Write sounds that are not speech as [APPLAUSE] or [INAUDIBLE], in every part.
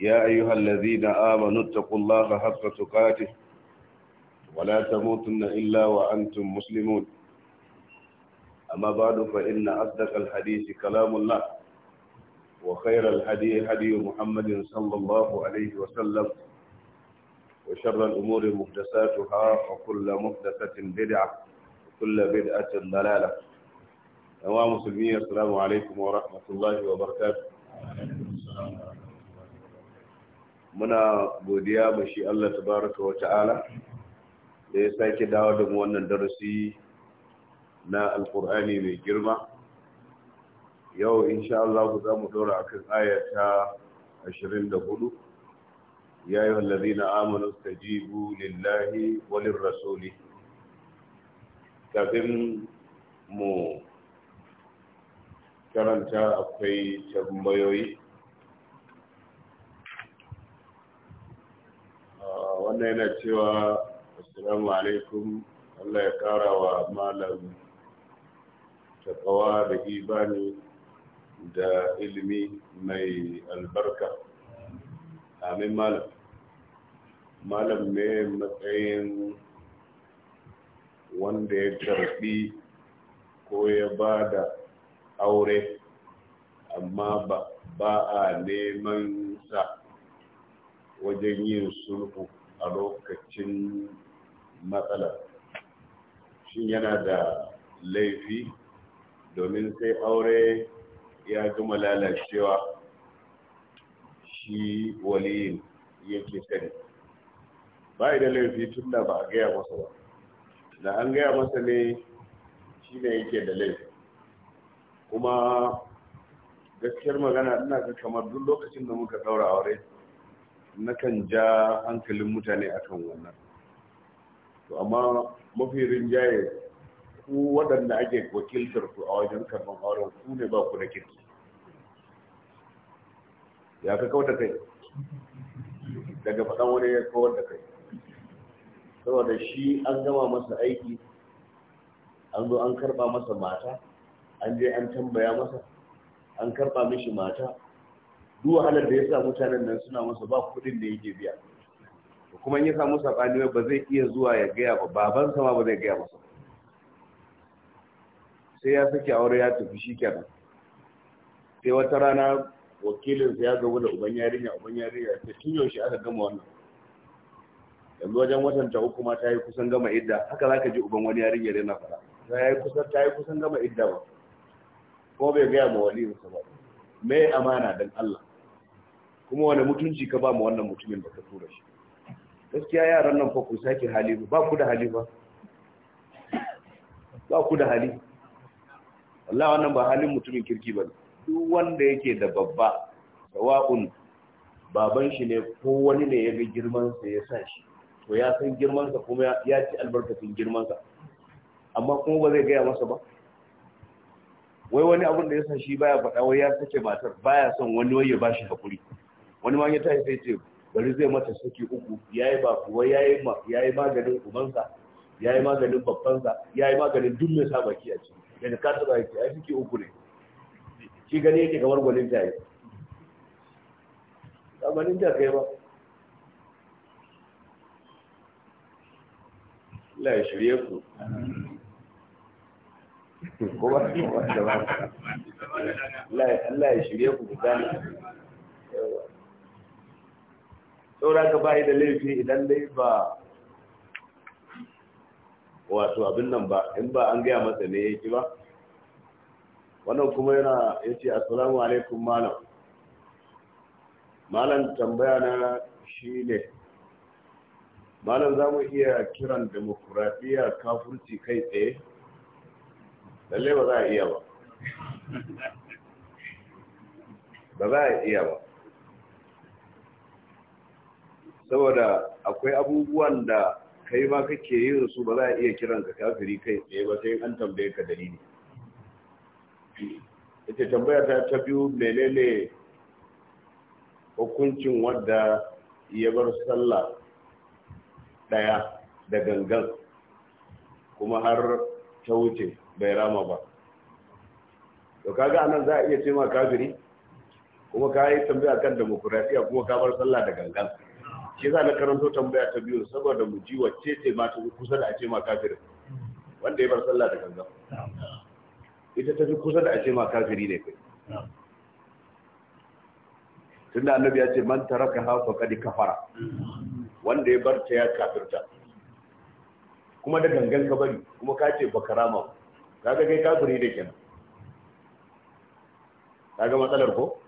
يا أيها الذين آمنوا اتقوا الله حق تقاته ولا تموتن إلا وأنتم مسلمون أما بعد فإن أصدق الحديث كلام الله وخير الحديث حديث محمد صلى الله عليه وسلم وشر الأمور محدثاتها وكل محدثة بدعة وكل بدعة ضلالة أمام مسلمين السلام عليكم ورحمة الله وبركاته muna godiya mu shi Allah tabaraka wa ta'ala da ya sake dawo da wannan darasi na alkur'ani mai girma yau insha Allah za mu dora akan aya ta 24 ya ayyuhal ladina amanu tajibu lillahi walin rasuli kafin mu karanta akwai tambayoyi wannan yana cewa assalamu alaikum Allah ya kara wa malam takawa da ibani da ilimi mai albarka amin malam malam ne matsayin wanda ya karbi ko ya ba da aure amma ba a neman sa wajen yin sulhu a lokacin matsala shi yana da laifi domin sai aure ya gama lalacewa shi waliyin yake sani ba da laifi tun da ba a gaya masa ba da an gaya masa ne shi ne yake da laifi kuma gaskiyar magana ina ga kamar duk lokacin da muka daura aure Na kan ja hankalin mutane akan wannan to amma mafi rinjaye ku waɗanda ake wakiltar ku a wajen karɓar auren ku ne ba ku da kirki ya ka kawar da kai daga faɗan wani ya kawar da kai saboda shi an gama masa aiki an zo an karɓa masa mata an je an tambaya masa an karɓa mishi mata duk wahalar da ya sa mutanen nan suna masa ba kuɗin da yake biya kuma in ya samu sabani ba zai iya zuwa ya gaya ba baban ma ba zai gaya masa sai ya sake aure ya tafi shi kenan sai wata rana wakilinsa ya gabu da uban yarinya uban yarinya ta tun yaushe aka gama wannan yanzu wajen watan ta uku ma ta yi kusan gama idda haka za ka ji uban wani yarinyar yana fara ta yi kusan ta yi kusan gama idda ba ko bai gaya ma wali ba me amana dan Allah kuma wani mutunci ka ba mu wannan mutumin baka tura shi gaskiya yaran nan fa ku sake hali ba ku da hali ba ba ku da hali wallahi wannan ba halin mutumin kirki ba duk wanda yake da babba sawa'un baban shi ne ko wani ne ya ga girman sa ya sa shi to ya san girman sa kuma ya ci albarkatin girman sa amma kuma ba zai gaya masa ba wai wani abin da ya san shi baya faɗa wai ya sake matar baya son wani wai ya bashi hakuri wani ma ya tashi sai ce bari zai mata saki uku yayi ba kuwa yayi yayi maganin ya yayi maganin babbansa yayi maganin duk mai sa baki a ciki daga ka taba yake ai saki uku ne shi gani yake kamar gwanin jaye zamanin da kai ba Allah ya shirye ku kuma da ba Allah ya shirye ku ku gane saura ka bayi da laifi idan dai ba wato abin nan ba in ba an gaya masa ne yake ba wannan kuma yana ya ce assalamu alaikum malam malam tambaya na shi ne malam za mu iya kiran demokuraɗiyya kafurci kai tsaye Lalle ba za a iya ba ba za a iya ba saboda akwai abubuwan da kai ma kake yi da su ba za a iya kiran ka kafiri kai tsaye ba sai an tambaye ka dalili ita tambaya ta ta biyu menene hukuncin wadda ya bar sallah daya da gangan kuma har ta wuce bai rama ba to kaga anan za a iya ce ma kafiri kuma ka yi tambaya kan demokuraɗiyya kuma ka bar sallah da gangan shi yasa na karanto tambaya ta biyu saboda mu ji wacce ce ma ta kusa da a ce ma kafirin wanda ya bar sallah da gangan ita ta fi kusa da a ce ma kafiri ne kai tunda annabi ya ce man taraka ha fa kadi kafara wanda ya bar ta ya kafirta kuma da gangan ka bari kuma ka ce baka rama kaga kai kafiri ne kenan kaga matsalar ko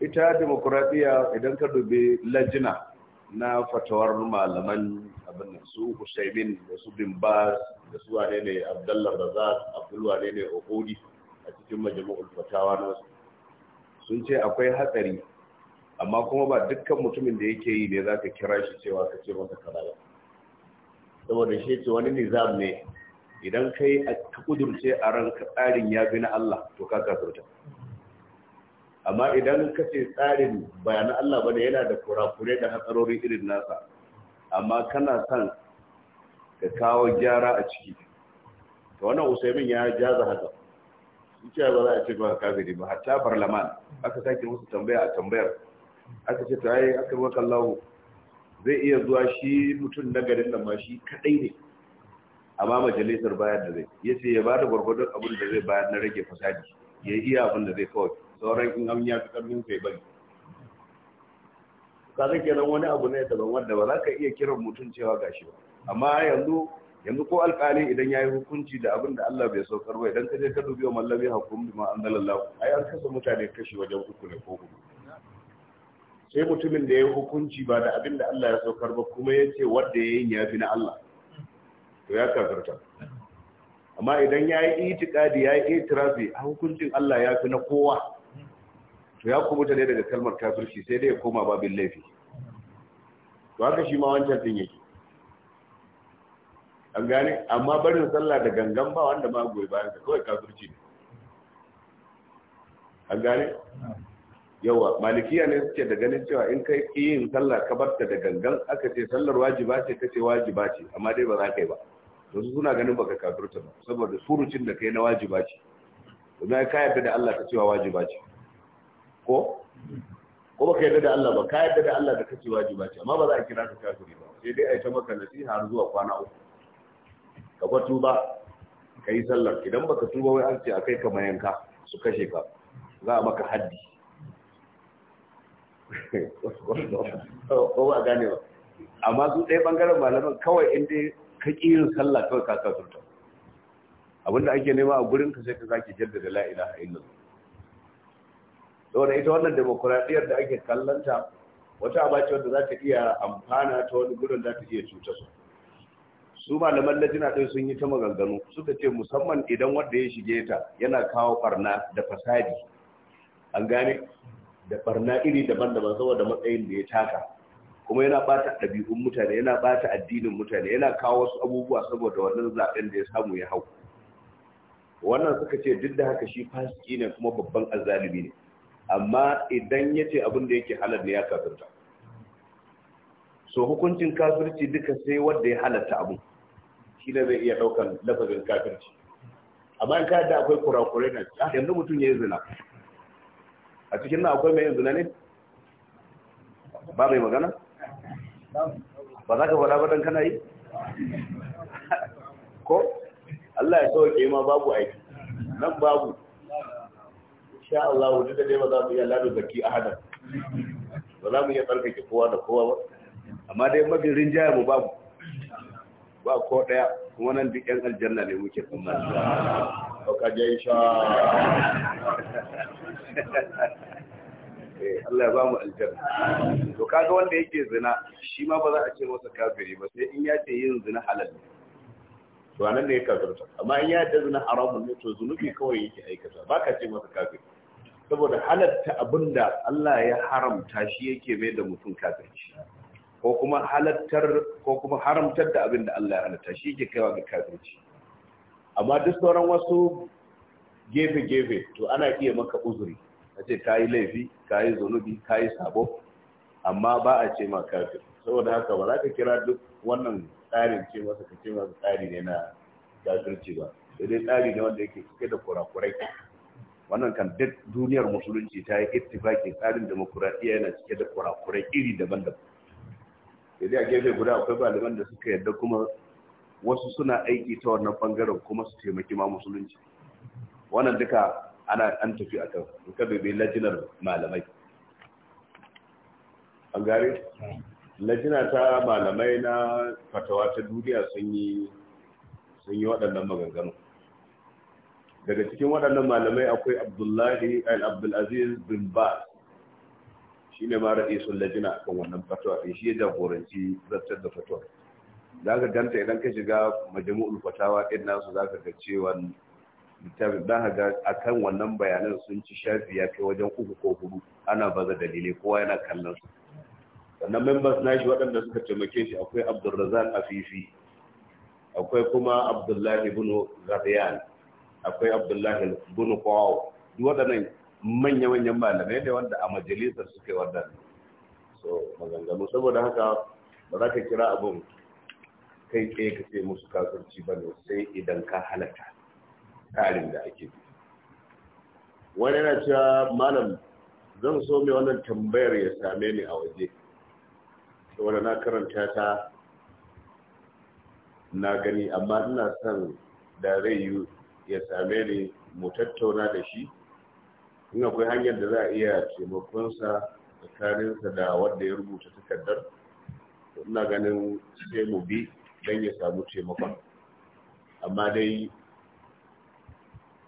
ita demokuraɗiyya idan ka dubi lajina na fatawar malaman abin su Usaimin da su Bin Baz da su wane ne Abdullah Razak Abdul wane ne Uhudi a cikin majmu'ul fatawa na sun ce akwai hatsari amma kuma ba dukkan mutumin da yake yi ne zaka kira shi cewa ka ce masa kaza ba saboda shi ce wani nizam ne idan kai ka kudurce a ranka tsarin ya bi na Allah to ka kafirta amma idan ka ce tsarin bayanan Allah bane yana da kurakure da hatsarori irin nasa amma kana son ka kawo gyara a ciki to wannan usaimin ya jaza haka ce ba za a ce ba kafiri ba hatta barlaman aka sake musu tambaya a tambayar aka ce ta yi aka maka lahu zai iya zuwa shi mutum na garin nan ma shi kadai ne amma majalisar bayar da zai ya ce ya ba da gwargwadon abin da zai bayar na rage fasadi ya yi iya abin da zai kawai sauran in an ya fi karfin kai bari ka zai kenan wani abu ne daban wanda ba za ka iya kiran mutum cewa shi ba amma yanzu yanzu ko alƙali idan ya yi hukunci da abin da Allah bai saukar ba idan ka je ka dubi wa mallami hukum bima anzalallahu ai an kasa mutane kashi wajen uku ne ko hudu sai mutumin da ya yi hukunci ba da abin da Allah ya saukar ba kuma ya ce wanda ya yi ya fi na Allah to ya kafirta amma idan ya yi itikadi ya yi itirafi a hukuncin Allah ya fi na kowa to ya kubuta mutane daga kalmar kafirci sai dai ya koma babin laifi to haka shi ma wancan din yake an gane amma barin sallah da gangan ba wanda ma goyi bayan ka kawai kafirci ne an gane yawa malikiya ne suke da ganin cewa in kai yin sallah ka barta da gangan aka ce sallar wajiba ce kace wajiba ce amma dai ba za ka yi ba wasu suna ganin baka kafirta ba saboda surucin da kai na wajiba ce domin ka yarda da Allah ka cewa wajiba ce ko ko baka yarda da Allah ba ka yarda da Allah da kace wajiba ce amma ba za a kira ka kafiri ba sai dai ai ta maka nasiha har zuwa kwana uku ka ba tuba ka yi sallar idan baka tuba wai an ce akai ka mayanka su kashe ka za a maka haddi ko ba gane ba amma su ɗaya ɓangaren malaman kawai inda ka ƙirin sallah kawai ka kasurta abinda ake nema a gurin ka sai ka zaki jaddada la ilaha illallah saboda ita wannan demokuraɗiyar da ake kallanta wata abaci wanda za ta iya amfana ta wani gudun za ta iya cuta su su malaman jina ɗaya sun yi ta maganganu suka ce musamman idan wanda ya shige ta yana kawo barna da fasadi an gane da barna iri daban-daban saboda matsayin da ya taka kuma yana bata ɗabi'un mutane yana bata addinin mutane yana kawo wasu abubuwa saboda wannan zaɓen da ya samu ya hau wannan suka ce duk da haka shi fasiki ne kuma babban azzalumi ne amma idan ya ce abin da yake halar ne ya kafirta so hukuncin kafirci duka sai wanda ya halatta abu shi ne zai iya ɗaukan lafazin kafirci amma in kayan da akwai kurakurai na yanzu mutum ya yi zina a cikin nan akwai mai yin zina ne ba mai magana ba za ka fara ba dan kana yi ko Allah ya sauke ma babu aiki nan babu sha Allah duk da dai ba za mu iya ladu zaki hada ba za mu iya tsarkake kowa da kowa ba amma dai mafi rinjaya mu babu ba ko daya kuma nan duk yan aljanna ne muke tsammani ba ka je sha [LAUGHS] eh, Allah ya ba mu aljanna to kaga wanda yake zina shi ma ba za a ce masa kafiri ba sai in ya ce yin zina halal ne to anan ne ya kafirta amma in ya ce zina haramun ne to zunubi kawai yake aikata ba ka ce masa kafiri saboda halatta abinda Allah ya haramta shi yake mai da mutum kafirci ko kuma halattar ko kuma haramtar da abinda Allah ya halatta shi yake kaiwa ga kafirci amma duk sauran wasu gefe-gefe to ana iya maka uzuri a ce kayi laifi kayi yi zunubi ka yi sabo amma ba a ce ma kafir saboda haka ba za ka kira duk wannan tsarin ce masa ka ce masa tsari ne na kafirci ba sai dai tsari ne wanda yake cike da kurakurai wannan kan duk duniyar musulunci ta yi ittifaki tsarin demokuraɗiyya yana cike da kurakurai iri daban-daban sai a gefe guda akwai baliban da suka yarda kuma wasu suna aiki ta wannan bangaren kuma su taimaki ma musulunci wannan duka ana an tafi a kan in bebe lajinar malamai an lajina ta malamai na fatawa ta duniya sun yi waɗannan maganganu daga cikin waɗannan malamai akwai abdullahi al-abdulaziz bin Ba. shi ne mara ra'isun lajina akan wannan fatuwa in shi ya jagoranci zartar da fatuwa za ka ganta idan ka shiga majmu'ul fatawa ɗin nasu za ka ga cewa littafin za ka ga kan wannan bayanan sun ci shafi ya kai wajen uku ko hudu ana baza dalilai kowa yana kallon su sannan members nashi waɗanda suka taimake shi akwai abdulrazak afifi akwai kuma abdullahi bin ghadiyan akwai abdullahi bin qaw duk waɗannan manya-manyan malamai ne wanda a majalisar suka yi so maganganu saboda haka ba za ka kira abin kai tsaye ka ce musu kafirci ba ne sai idan ka halatta karin da ake wani yana cewa malam zan so mai wannan tambayar ya same ni a waje saboda na karanta ta na gani amma ina son da rai ya same ni mu tattauna da shi in akwai hanyar da za a iya taimakonsa tsakaninsa da wanda ya rubuta takardar ina ganin sai mu bi don ya samu taimakon amma dai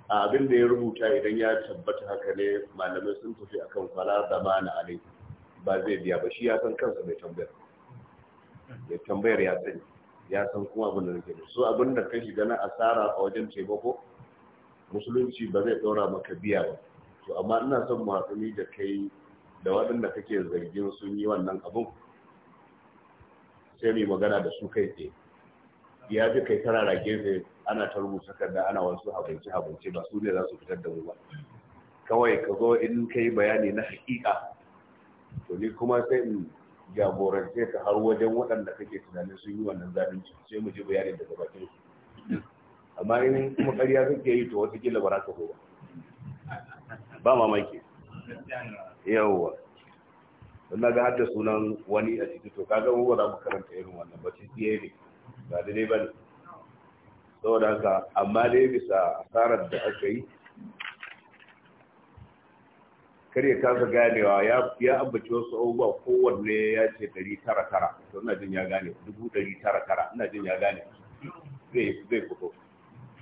a abin da ya rubuta idan ya tabbata haka ne malamai sun tafi akan kwala zamana alai ba zai biya ba shi ya san kansa mai tambayar ya tambayar ya sani ya san kuma abin da nake so abin da ka shiga na asara a wajen taimako musulunci ba zai ɗora maka biya ba to amma ina son matsuni da kai da waɗanda kake zargin sun yi wannan abun sai mai magana da su kai tsaye ya fi kai tara rage sai ana ta rubuta kada ana wasu abinci-abinci ba su ne za su fitar da mu ba kawai ka zo in kai bayani na hakika to ni kuma sai in jagorance ka har wajen waɗanda kake tunanin sun yi wannan zalunci sai mu ji bayani daga bakin su amma in kuma ƙarya kake yi to watakila ba za ka ba ba mamaki yawwa don ga hadda sunan wani a cikin to kaga mu ba za mu karanta irin wannan ba ci tsiye ne ba daidai ba ne saboda haka amma dai bisa asarar da aka yi karya kasa ganewa ya ambaci wasu abubuwa kowanne ya ce dari tara tara to ina jin ya gane dubu dari tara tara ina jin ya gane zai fito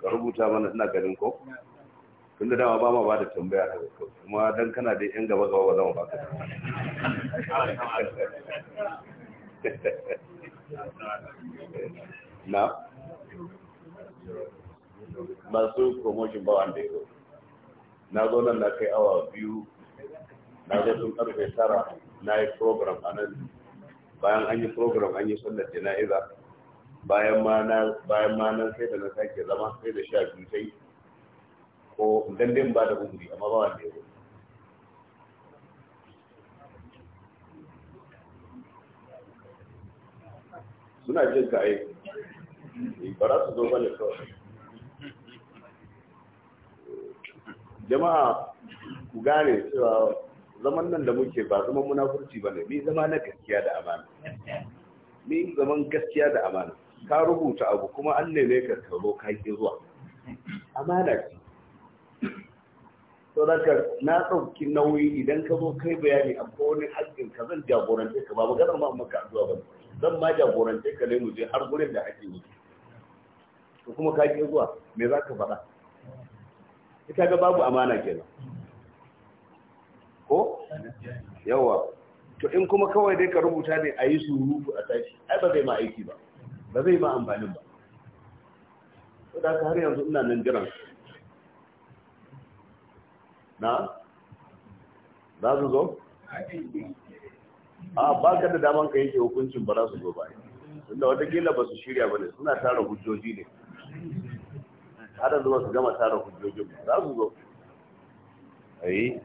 ka rubuta mana ina ganin ko tun da dama ba ma ba da tambaya ga kawai kuma don kana da yan gaba gaba ba zama ba ka [LAUGHS] na masu promotion ba wanda ya na zo nan na kai awa biyu na zo sun karfe tara na yi program a nan bayan an yi program an yi sallar jana'iza bayan ma nan sai da na sake zama sai da sha biyu sai ko dandin ba da hukuri amma ba wanda ya zo suna jin ka aiki eh, ba za su zo ba ne kawai jama'a ku gane cewa zaman nan da muke ba zaman munafurci ba ne ni zama na gaskiya da amana ni zaman gaskiya da amana ka rubuta abu kuma an neme ka karo ka yi zuwa amana ce to daga na ɗauki nauyi idan ka zo kai bayani a kowane haƙƙin ka zan jagorance ka ba mu maganar ma maka addu'a ba zan ma jagorance ka ne mu je har gurin da ake yi to kuma ka yi zuwa me za ka faɗa ita ga babu amana kenan ko yawa to in kuma kawai dai ka rubuta ne a yi surutu a tashi ai ba zai ma aiki ba ba zai ba amfanin ba ko da har yanzu ina nan jiran na za su zo a ba ka da daman ka yake hukuncin ba za su zo ba tunda watakila ba su shirya ba ne suna tara hujjoji ne har da zuwa su gama tara hujjoji ba za su zo ayi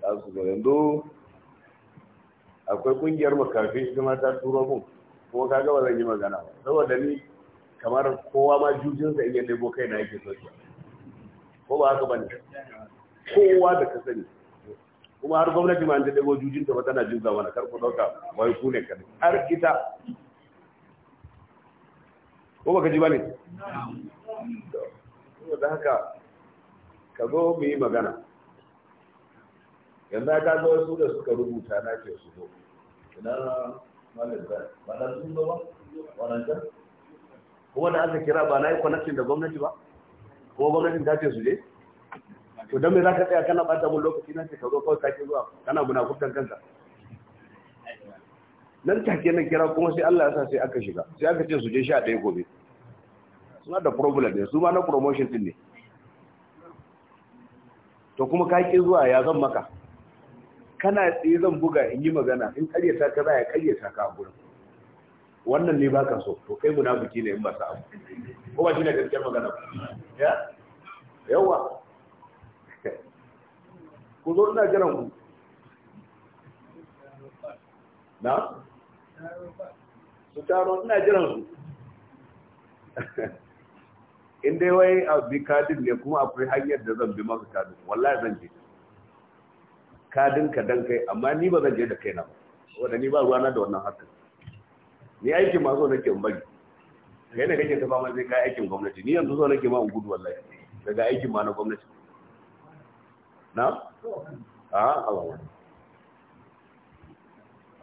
za su zo yanzu akwai kungiyar makarfi shi ma ta turo mun kuma ka gaba zan yi magana ba saboda ni kamar kowa ma jujinsa in ya nebo kai na yake soke ko ba haka bane kowa da ka sani kuma har gwamnati ma ta jujin jujinta ba tana jin zamana kar ku ɗauka wai ku ne kadai har kita ko ka ji bane saboda haka ka zo mu yi magana yanzu ka zo su da suka rubuta na ke su zo ina ba na sun ba kuma da aka kira ba na yi kwanakin da gwamnati ba kuma gwamnatin ta ce su je to don me za ka tsaya kana bata mun lokaci na ce ka zo kawai sake zuwa kana munafukan kanka nan ke nan kira kuma sai Allah ya sa sai aka shiga sai aka ce su je sha ɗaya gobe suna da problem ne su ma na promotion din ne to kuma ka ke zuwa ya zan maka kana tsaye zan buga in yi magana in karyata ka za ya karyata ka a gurin wannan ne baka so to kai munafiki ne in ba sa abu ko ba shi ne gaskiyar magana ya yawa ku zo ina jiran ku na su taro ina jiran su [LAUGHS] in dai wai a bi kadin ne kuma akwai hanyar da zan bi maka kadin wallahi zan je ka dinka dan kai amma ni ba zan je da kaina ba wanda ni ba ruwa na da wannan harkar ni aikin ma zo nake in bari kai ne kake ta fama sai ka aikin gwamnati ni yanzu zo nake ma in gudu wallahi daga aikin ma na gwamnati na a a ba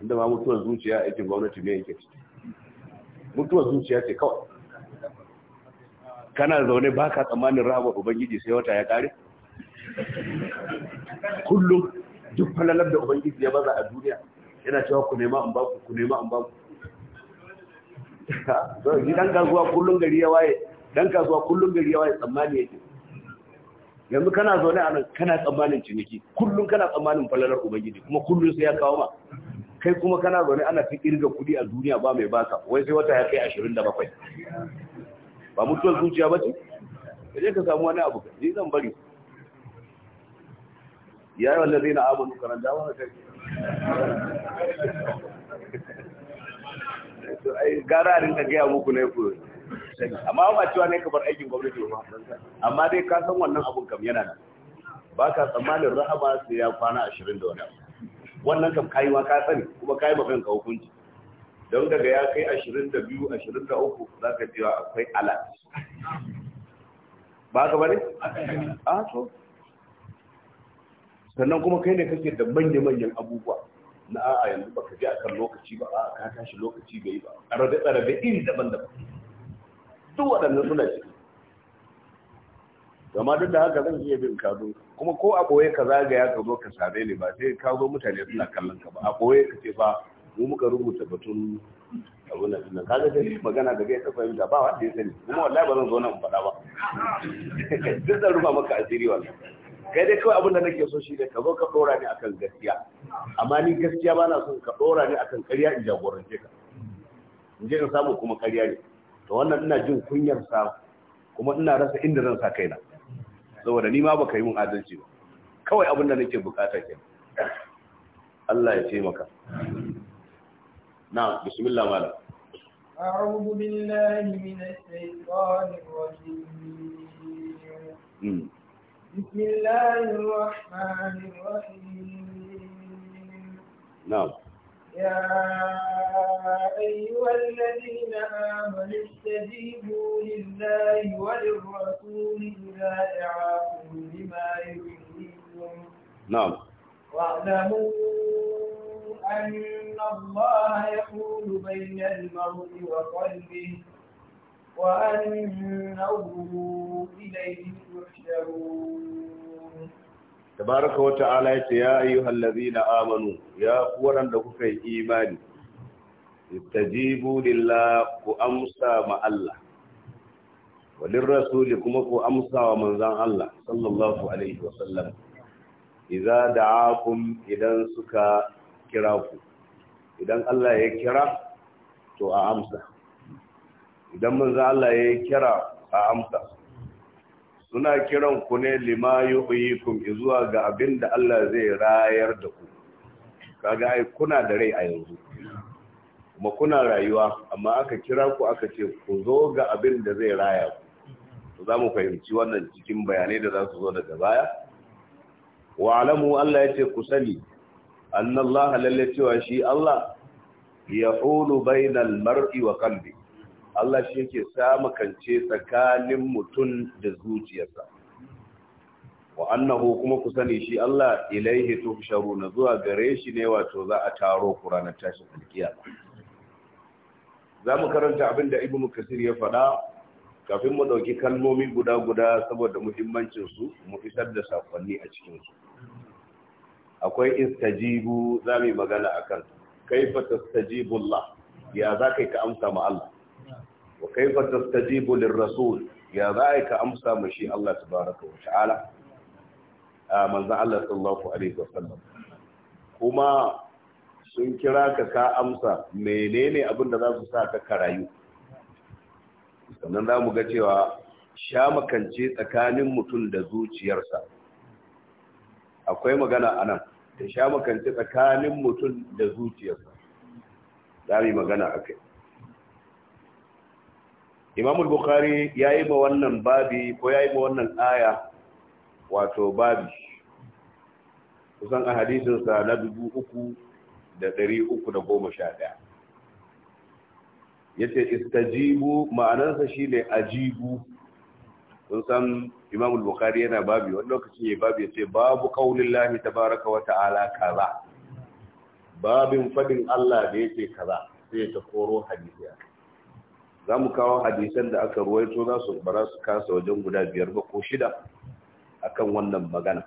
inda ma mutuwar zuciya aikin gwamnati ne yake ciki mutuwar zuciya ce kawai kana zaune baka ka tsammanin rahama ubangiji sai wata ya kare kullum duk falalar da ubangiji ya baza a duniya yana cewa ku nema in baku ku nema in baku shi [LAUGHS] dan kasuwa kullum gari ya waye dan kasuwa kullum gari ya waye tsammani yake yanzu kana zaune a nan kana tsammanin ciniki kullum kana tsammanin falalar ubangiji kuma kullum sai ya kawo ma kai kuma kana zaune ana fi kirga kudi a duniya ba mai baka wai sai wata ya kai ashirin da bakwai ba mutuwar zuciya ba ce ka ka samu wani abu ni zan bari ya yi zai na abu nukaran dama da kai gara rinka gaya muku ne ku amma ba cewa ne ka aikin gwamnati ba amma dai ka san wannan abun kam yana nan ba ka tsammanin rahama sai ya kwana ashirin da wani wannan kam kayi ma ka sani kuma kayi ma kanka hukunci don daga ya kai ashirin da biyu ashirin da uku za ka cewa akwai alat ba ka bane? a ah, so. sannan kuma kai ne kake da manya-manyan abubuwa na a'a yanzu baka je kan lokaci ba a'a ka tashi lokaci bai ba arabe-arabe iri daban-daban duk waɗannan suna ciki gama duk da haka zan iya bin kado kuma ko a ɓoye ka zagaya ka zo ka sare ni ba sai ka zo mutane suna kallon ka ba a ɓoye ka ce ba mu muka rubuta batun abu na tunan kaga sai magana da gaya ta fahimta ba wanda ya sani kuma wallahi ba zan zo nan faɗa ba [LAUGHS] duk da rufa maka asiri wallahi kai dai kawai abin da nake so shi ne ka zo ka dora ni akan gaskiya amma ni gaskiya ba na son ka dora ni akan ƙarya in jagorance ka in je in samu kuma ƙarya ne to wannan ina jin kunyar sa kuma ina rasa inda zan sa kaina saboda ni ma baka yi mun adalci ba kawai abin da nake bukata ke Allah ya ce maka na bismillah malam أعوذ بالله من الشيطان الرجيم بسم الله الرحمن الرحيم نعم يا أيها الذين آمنوا استجيبوا لله وللرسول إذا دعاكم لما يحييكم نعم واعلموا أن الله يحول بين المرء وقلبه تبارك وتعالى يا أيها الذين آمنوا يا قولا لكم في إيمان استجيبوا لله وأمسى مع الله وللرسول كما هو أمسى ومن ذا الله صلى الله عليه وسلم إذا دعاكم إذا سكا كراكم إذا الله يكرا تو أمسى idan manzo Allah ya kira a amsa suna kiran ku ne lima yuhyikum zuwa ga abinda Allah zai rayar da ku kaga ai kuna da rai a yanzu kuma kuna rayuwa amma aka kira ku aka ce ku zo ga abin zai raya ku to za mu fahimci wannan cikin bayanai da za su zo daga baya wa alamu Allah yace ku sani annallaha lalle cewa shi Allah ya hulu bainal mar'i wa qalbi Allah shi yake kance tsakanin mutum da zuciyarsa wa annahu kuma ku sani shi Allah ilaihi na zuwa gare shi ne wato za a taro ku ranar tashin alkiya. za mu karanta abin da ibnu kasir ya faɗa kafin mu ɗauki kalmomi guda guda saboda muhimmancin su mu isar da sakonni a cikin su akwai istajibu za mu yi magana akan kaifa tastajibullah ya za ka ka amsa ma Allah wa kaifa tastajibu lirrasul ya za ka amsa ma shi Allah tabaraka wa ta'ala a manzon Allah sallallahu alaihi wasallam kuma sun kira ka ka amsa menene abin da za su sa ka karayu sannan za mu ga cewa sha makance tsakanin mutum da zuciyarsa akwai magana a nan da sha makance tsakanin mutum da zuciyarsa za mu yi magana a kai Imamul al-bukhari ya yi ma wannan babi ko ya yi ma wannan aya wato babi kusan a hadisinsa na dubu uku ɗari da goma sha ɗaya ya ce istajibu ma'anarsa shi ne ajibu sun san imam al-bukhari yana babi wani lokacin ya babi ya ce babu kaunin lahi tabaraka wa ta'ala kaza babin faɗin allah da ya ce kaza sai ta koro hadisi za mu kawo hadisan da aka ruwaito za su bara su kasa wajen guda biyar ba ko shida kan wannan magana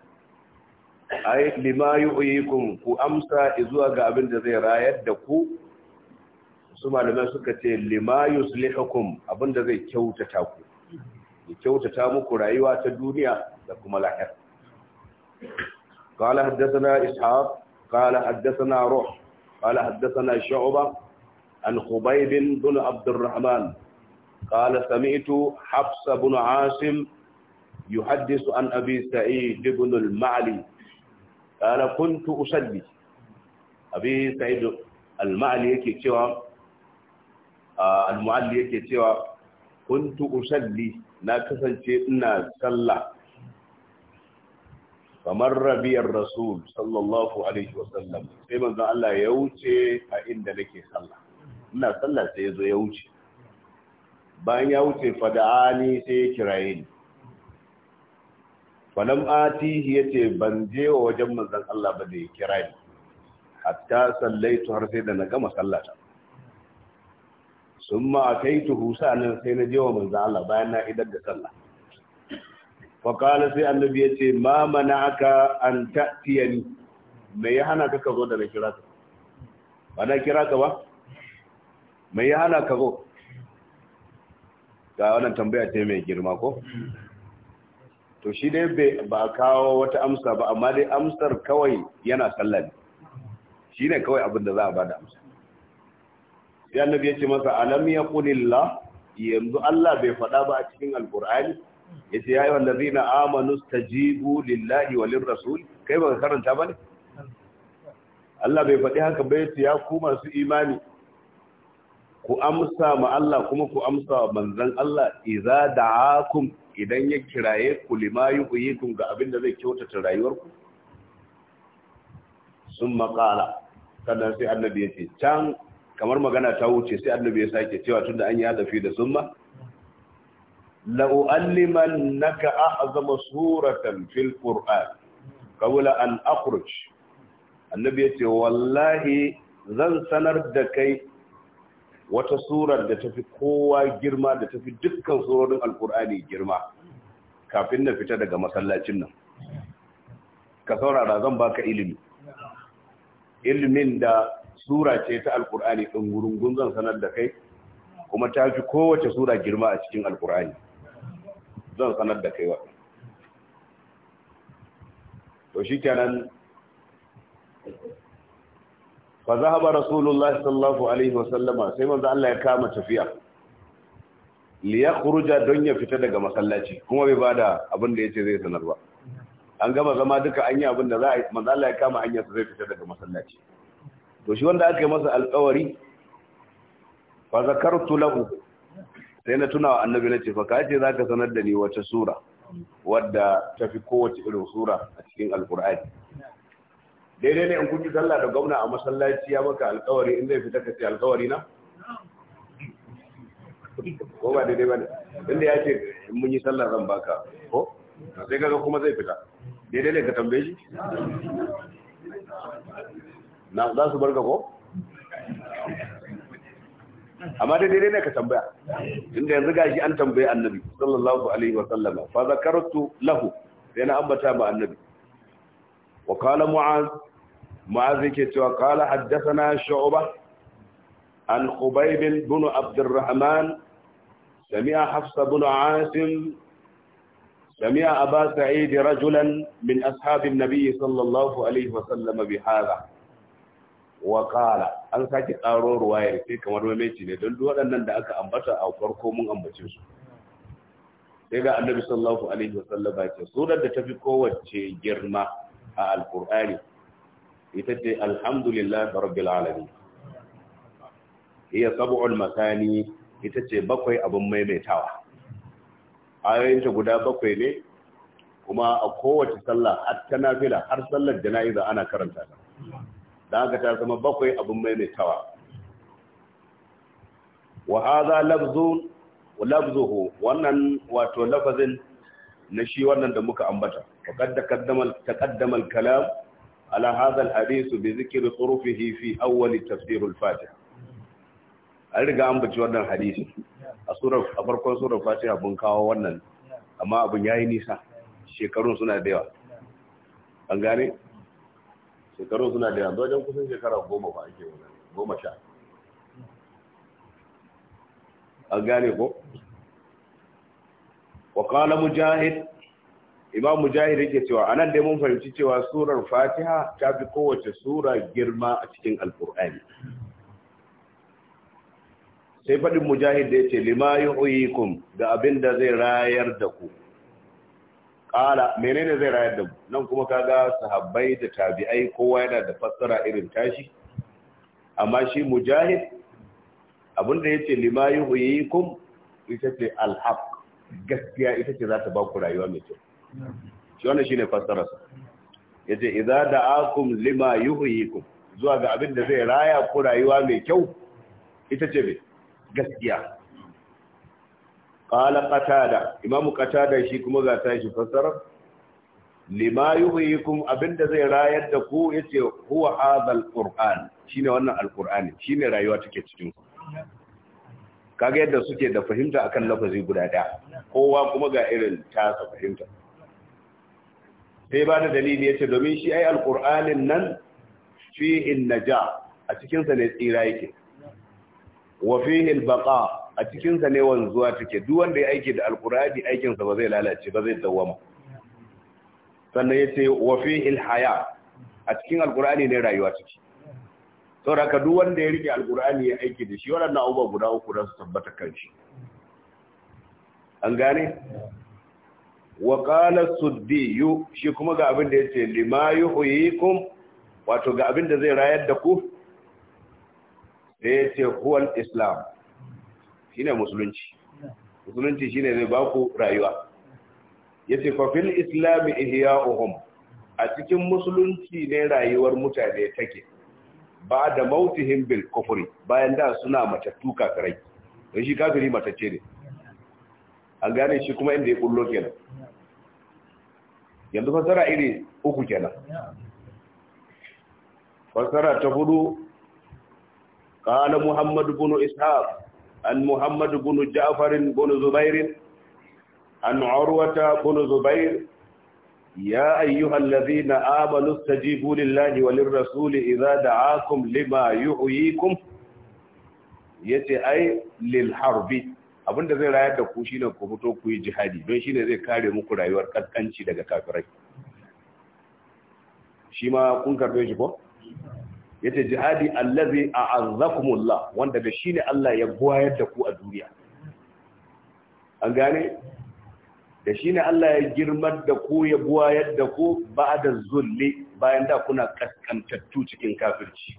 ai lima yu'yikum ku amsa zuwa ga abin da zai rayar da ku su malamai suka ce lima yuslihukum abin da zai kyautata ku ya kyautata muku rayuwa ta duniya da kuma lahir قال حدثنا إسحاق قال حدثنا روح قال حدثنا شعبة عن خبيب بن عبد الرحمن قال سمعت حفص بن عاصم يحدث عن أبي سعيد بن المعلي قال كنت أصلي أبي سعيد المعلي يكي تيوى آه المعلي يكي تيوى كنت أصلي لا كسنتي إنا صلى فمر بي الرسول صلى الله عليه وسلم سيما الله يوتي فإن لك صلى ina sallar sai zo ya wuce bayan ya wuce fada'ani sai ya kiraye ni falam atihi yace ban je wa wajen manzon Allah ba da ya kira ni hatta sallaitu har sai da na gama sallata summa husa nan sai na je wa manzon Allah bayan na idar da sallah faƙala sai annabi yace ce ma mana aka an ta'tiyani me ya hana ka ka zo da na kira ka ba na kira ka ba mai ya hana ka zo ga wannan tambaya ce mai girma ko to shi dai ba kawo wata amsa ba amma dai amsar kawai yana sallani shi ne kawai abin da za a ba amsa ya nabi ya ce masa alam ya yanzu Allah bai faɗa ba a cikin alkur'ani ya ce ya yi wallazi na amanu stajibu lillahi walin rasul kai ba ka karanta ba ne Allah bai faɗi haka bai ya kuma su imani ku amsa ma Allah kuma ku amsa wa manzon Allah idza da'akum idan ya kiraye ku lima yuhyikum ga abin da zai kyautata rayuwarku summa qala sannan sai annabi ya ce can kamar magana ta wuce sai annabi ya sake cewa tunda an yi hadafi da summa azama suratan fil في القرآن an أن annabi ya ce wallahi zan sanar da kai wata surar da tafi kowa girma da tafi dukkan surorin alkur'ani girma kafin na fita daga masallacin nan ka saurara zan baka ilimi ilimin da sura ce ta alkur'ani ɗin gurungun zan sanar da kai kuma ta fi kowace sura girma a cikin alkur'ani zan sanar da kai to shi kenan fa zahaba rasulullah sallallahu alaihi wasallama sai manzo Allah ya kama tafiya li yakhruja don ya fita daga masallaci kuma bai bada abin da yace zai sanarwa. an gama zama duka an yi abin da za a manzo Allah ya kama hanyar zai fita daga masallaci to shi wanda aka yi masa alƙawari fa zakartu lahu sai na tuna wa annabi na ce fa ka ce sanar da ni wata sura wadda ta fi kowace irin sura a cikin alkur'ani daidai ne in kuki sallah da gwamna a masallaci ya maka alkawari in zai fita ka ce alkawari na ko ba daidai ba ne inda ya ce mun yi sallah zan baka ko sai kaga kuma zai fita daidai ne ka tambaye shi na za su barka ko amma dai daidai ne ka tambaya inda yanzu gashi an tambaye annabi sallallahu alaihi wa sallama fa zakartu lahu sai na ambata ma annabi wa qala mu'az mu'az yake cewa qala haddathana shu'ba an khubayb bin abd arrahman sami'a hafsa asim سمع أبا سعيد رجلا من أصحاب النبي صلى الله عليه وسلم بهذا وقال an sake ƙaro ruwayar sai kamar mameci ne don duk waɗannan da aka ambata a farko mun ambace su sai ga annabi sallallahu alaihi wasallam ya da tafi kowacce girma a Alƙur'ani ita ce alhamdulillah rabbi alamin Iya sab'ul makani ita ce bakwai abin maimaitawa ayoyinta guda bakwai ne kuma a kowace sallah har ta nafila har sallar jana'iza ana karanta ta da haka ta zama bakwai abin maimaitawa wa haza lafzu labzuhu wannan wato labazin na shi wannan da muka ambata وقد تقدم تقدم الكلام على هذا الحديث بذكر طرفه في أول تفسير الفاتحة an riga an baci wannan hadisi a a farkon surar fatiha mun kawo wannan amma abin yayi nisa shekarun suna da yawa an gane shekarun suna da yawa don wajen kusan shekara goma ba ake wannan goma sha an gane ko wa qala mujahid imam mujahid yake cewa anan dai mun fahimci cewa surar fatiha ta fi kowace sura girma a cikin alkur'ani sai faɗin mujahid da ya ce lima yuhyikum da abin da zai rayar da ku ƙala menene zai rayar da mu nan kuma kaga sahabbai da tabi'ai kowa yana da fassara irin tashi amma shi mujahid abin da ya ce lima yuhyikum ita ce Alhaf, gaskiya ita ce za ta ba ku rayuwa mai kyau shi wannan shine fassararsa yace idza da'akum lima yuhyikum zuwa ga abin da zai raya ku rayuwa mai kyau ita ce gaskiya qala qatada imamu qatada shi kuma ga ta shi fassarar lima yuhyikum da zai rayar da ku yace huwa hadhal qur'an shine wannan alqur'ani shine rayuwa take cikin ku kaga yadda suke da fahimta akan lafazi guda da kowa kuma ga irin tasa fahimta sai ba da dalili ya ce domin shi ai alqur'anin nan fi ja a cikin sa ne tsira yake wa fihi albaqa a cikin sa ne wanzuwa take duk wanda ya aike da alqur'ani aikin sa ba zai lalace ba zai dawama sannan yace wa fihi haya a cikin alqur'ani ne rayuwa take saboda raka duk wanda ya rike alqur'ani ya aike da shi wannan abubuwa guda uku da su tabbata kan shi an gane wa qala suddiyu shi kuma ga abin da yace lima yuhyikum wato ga abin da zai rayar da ku da yace huwa islam shine musulunci musulunci shine zai ba ku rayuwa yace fa fil islam ihya'uhum a cikin musulunci ne rayuwar mutane take ba da mautihim bil kufri bayan da suna matattu kafirai don shi kafiri matacce ne an gane shi kuma inda ya kullo kenan yanzu Fasara iri uku kenan Fasara ta hudu kana muhammadu bunu ishaq an muhammadu bunu ja'farin bunu zubairin an urwata bunu zubair ya ayyuhal ladhina amanu stajibu lillahi walir rasul idha da'akum lima yuhyikum yace ay lil harbi abinda zai rayar da ku shine ku fito ku yi jihadi don shine zai kare muku rayuwar kaskanci daga kafirai shi ma kun karbe shi ko yace jihadi allazi a'azzakumullah wanda da shine Allah ya goyar da ku a duniya an gane da shine Allah ya girmar da ku ya goyar da ku ba'da zulli bayan da kuna kaskantattu cikin kafirci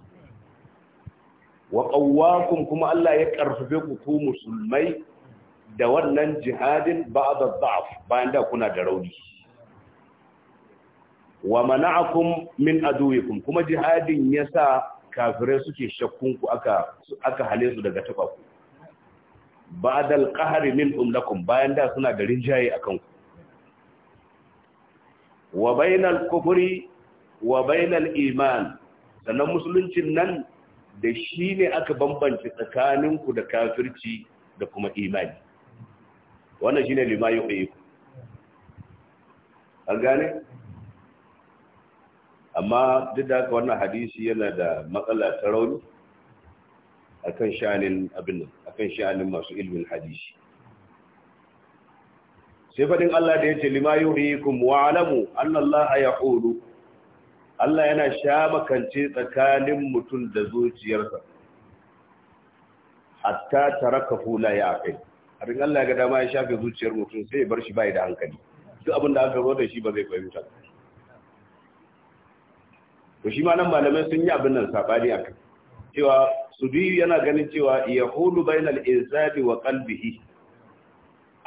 wa qawwakum kuma Allah ya karfafe ku ku musulmai da wannan jihadin ba da daf bayan da kuna da rauni wa mana'akum min aduwikum kuma jihadin yasa kafirai suke shakkun ku aka aka hale su daga taba ku da al min umlakum bayan da suna da rinjaye akan ku wa bainal kufri wa bainal iman sanan musuluncin nan da shi ne aka bambance tsakaninku da kafirci da kuma imani wannan shine lima yuqiku an gane amma duk da haka wannan hadisi yana da matsala ta rauni a kan sha'anin abin nan akan sha'anin masu ilmin hadisi sai faɗin Allah da yace lima yuhyikum wa alamu anna Allah yaqulu Allah yana shamakance tsakanin mutum da zuciyarsa hatta tarakahu ya yaqil abin Allah ga dama ya shafe zuciyar mutum sai ya bar shi bai da hankali duk abin da aka zo shi ba zai fahimta to shi ma nan malamai sun yi abin nan sabani akan cewa sudi yana ganin cewa yahulu bainal insabi wa qalbihi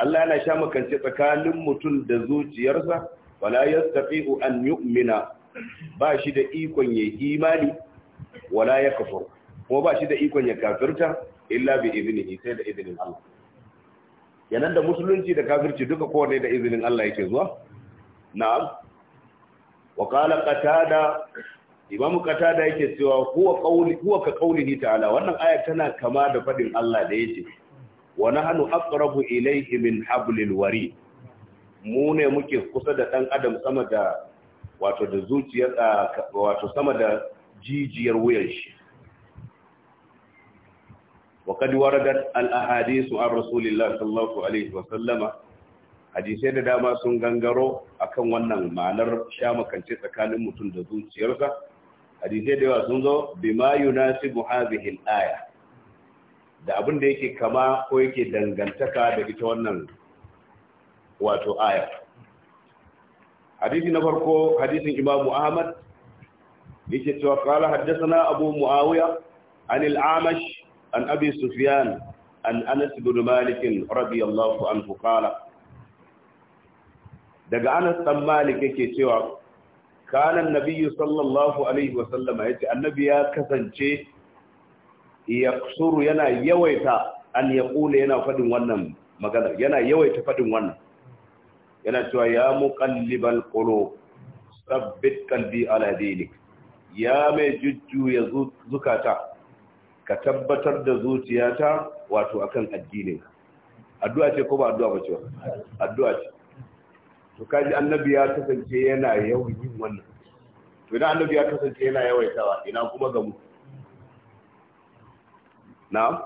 Allah yana sha makance tsakanin mutum da zuciyarsa wala yastati'u an yu'mina ba shi da ikon ya imani wala ya kafur kuma ba shi da ikon ya kafirta illa bi idnihi sai da idnin Allah yanan da musulunci da kafirci duka kowane da izinin Allah yake zuwa na'am wa qala qatada imamu qatada yake cewa huwa qawli huwa ka qawlihi ta'ala wannan aya tana kama da fadin Allah da yake wa nahnu aqrabu ilayhi min hablil wari mu ne muke kusa da dan adam sama da wato da zuciyar wato sama da jijiyar wuyan shi وقد وردت الاحاديث عن رسول الله صلى الله عليه وسلم hadisai da dama sun gangaro akan wannan ma'anar makance tsakanin mutum da zuciyarsa hadisai da yawa sun zo bima yunasibu hadhihi al-aya da abin da yake kama ko yake dangantaka da ita wannan wato aya hadisi na farko hadisin imamu ahmad yake cewa qala haddathana abu muawiya anil amash عن أبي سفيان عن أنس بن مالك رضي الله عنه قال دقى أنس بن مالك كي سوى كان النبي صلى الله عليه وسلم يتي النبي يا كسنشي يقصر ينا يويتا أن يقول ينا فدن ونم magana yana yawaita faɗin wannan yana cewa ya muqallibal qulub sabbit qalbi ala dinik ya mai jujjuya zukata ka tabbatar da zuciyata wato akan addinin addu'a ce ko ba addu'a ba ce addu'a ce to kaji annabi ya kasance yana yawan yin wannan to idan annabi ya kasance yana yawaitawa ina kuma ga mu na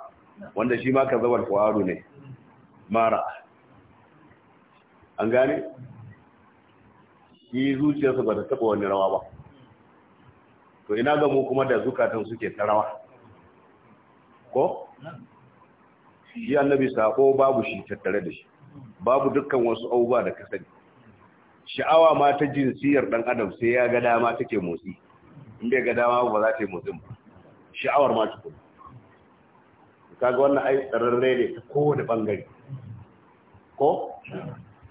wanda shi ma ka zabar kwaro ne mara an gane shi zuciyarsa ba ta taba wani rawa ba to ina ga mu kuma da zukatan suke ta rawa ko shi annabi sako babu shi tattare da shi babu dukkan wasu abubuwa da kasani sha'awa ma ta jinsiyar dan adam sai ya ga dama take motsi in bai ga dama ba za ta yi motsin ba sha'awar ma ta kuma kaga wannan ai tsararre ne ta kowane bangare ko